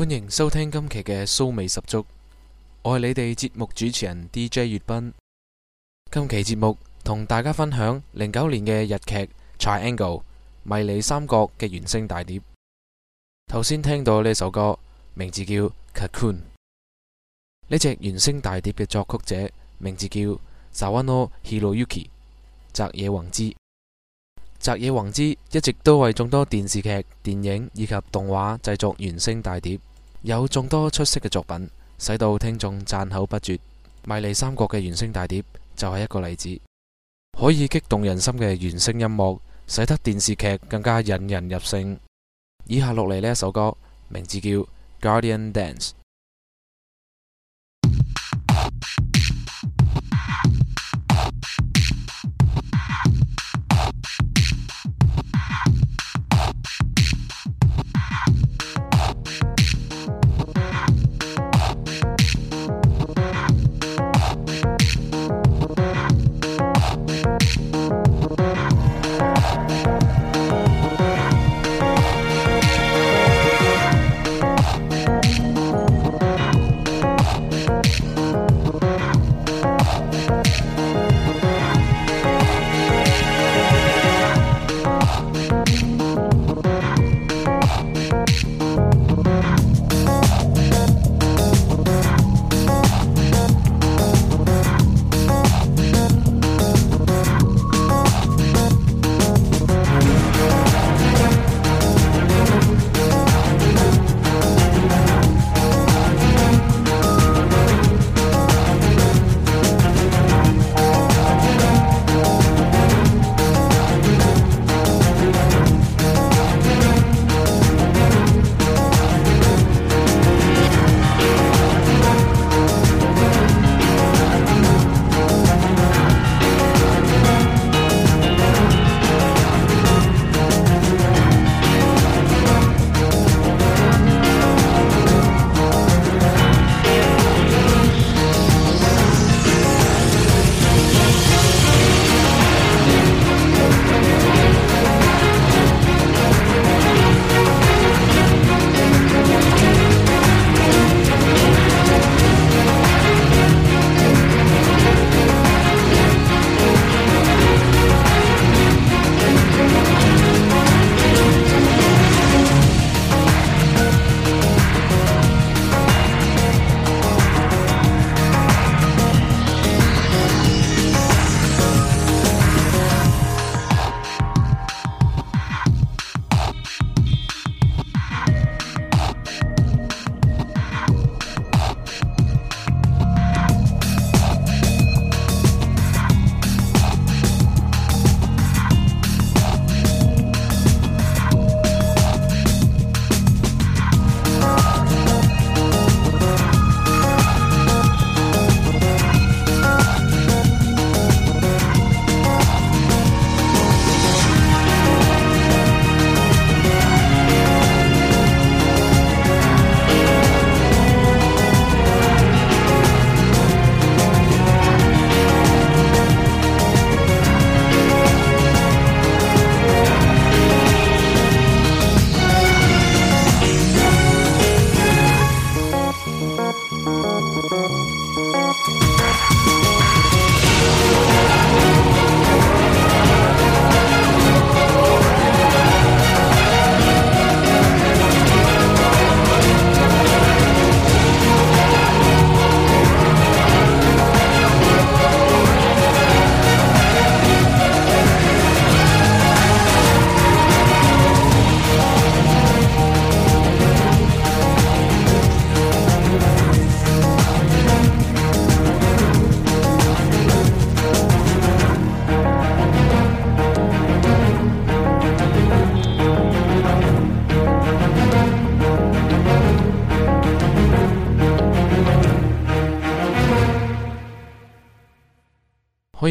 歡迎收聽今期嘅騷味十足，我係你哋節目主持人 DJ 月斌。今期節目同大家分享零九年嘅日劇《Triangle》迷你三角嘅原聲大碟。頭先聽到呢首歌，名字叫《Cocoon》。呢隻原聲大碟嘅作曲者名字叫 Sawano Hiroyuki 澤野弘之。澤野弘之一直都為眾多電視劇、電影以及動畫製作原聲大碟。有眾多出色嘅作品，使到聽眾讚口不絕。迷離三角嘅原聲大碟就係一個例子。可以激動人心嘅原聲音樂，使得電視劇更加引人入勝。以下落嚟呢一首歌，名字叫《Guardian Dance》。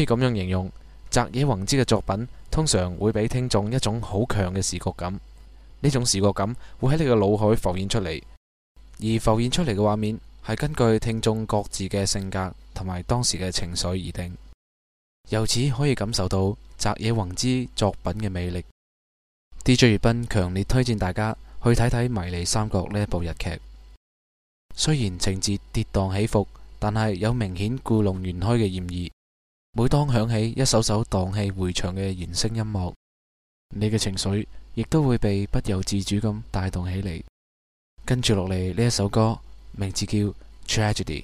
可以咁樣形容，澤野弘之嘅作品通常會俾聽眾一種好強嘅視覺感。呢種視覺感會喺你嘅腦海浮現出嚟，而浮現出嚟嘅畫面係根據聽眾各自嘅性格同埋當時嘅情緒而定。由此可以感受到澤野弘之作品嘅魅力。D.J. 斌強烈推薦大家去睇睇《迷離三角》呢一部日劇。雖然情節跌宕起伏，但係有明顯故弄玄虛嘅嫌疑。每當響起一首首蕩氣迴腸嘅原聲音樂，你嘅情緒亦都會被不由自主咁帶動起嚟。跟住落嚟呢一首歌，名字叫《Tragedy》。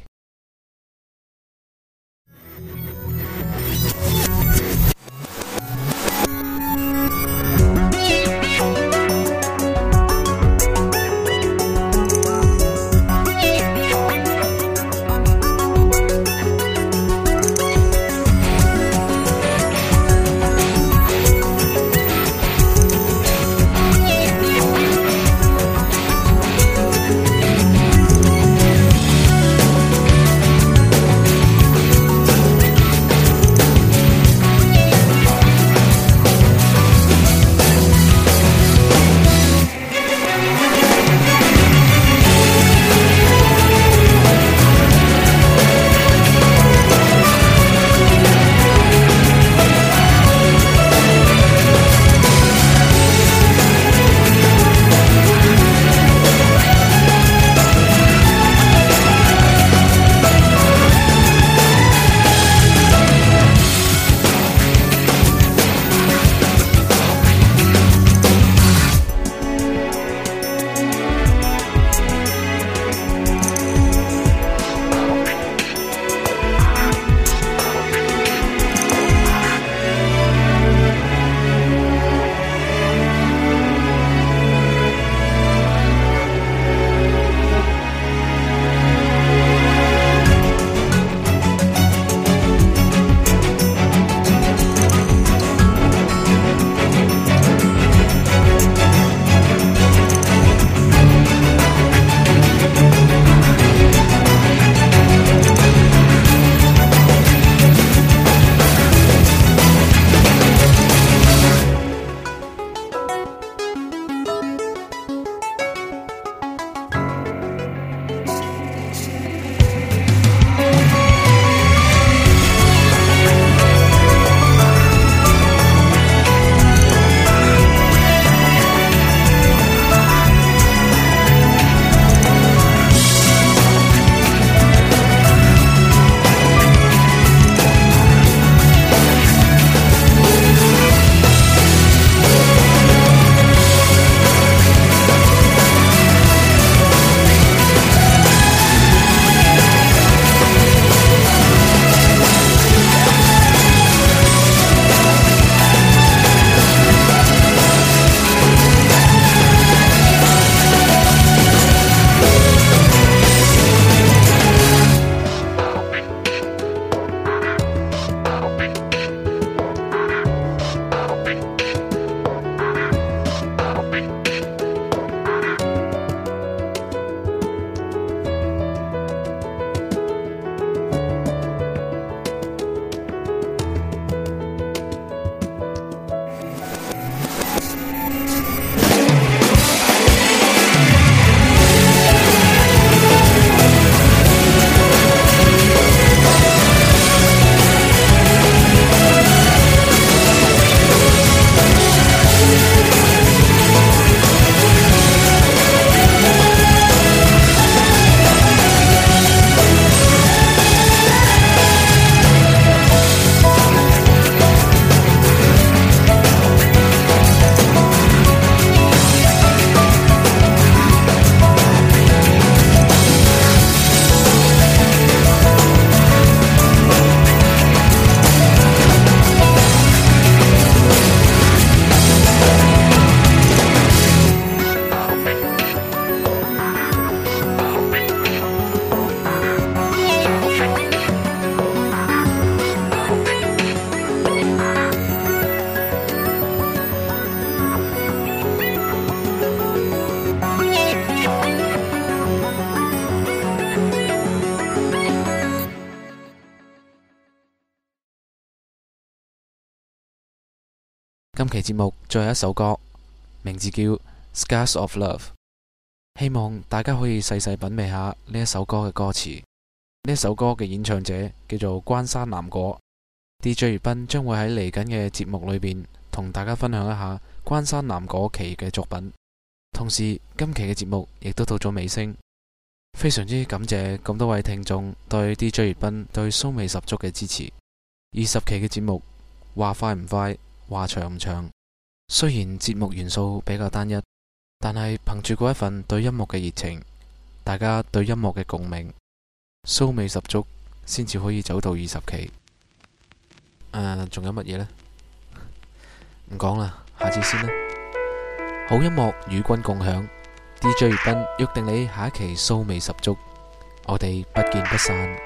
今期節目最後一首歌，名字叫《Scars of Love》，希望大家可以細細品味下呢一首歌嘅歌詞。呢首歌嘅演唱者叫做關山南果，DJ 斌將會喺嚟緊嘅節目裏邊同大家分享一下關山南果期嘅作品。同時，今期嘅節目亦都到咗尾聲，非常之感謝咁多位聽眾對 DJ 斌、對蘇味十足嘅支持。二十期嘅節目，話快唔快？話長唔長，雖然節目元素比較單一，但係憑住嗰一份對音樂嘅熱情，大家對音樂嘅共鳴，騷味十足，先至可以走到二十期。誒、啊，仲有乜嘢呢？唔講啦，下次先啦。好音樂與君共享，DJ 月斌約定你下一期騷味十足，我哋不見不散。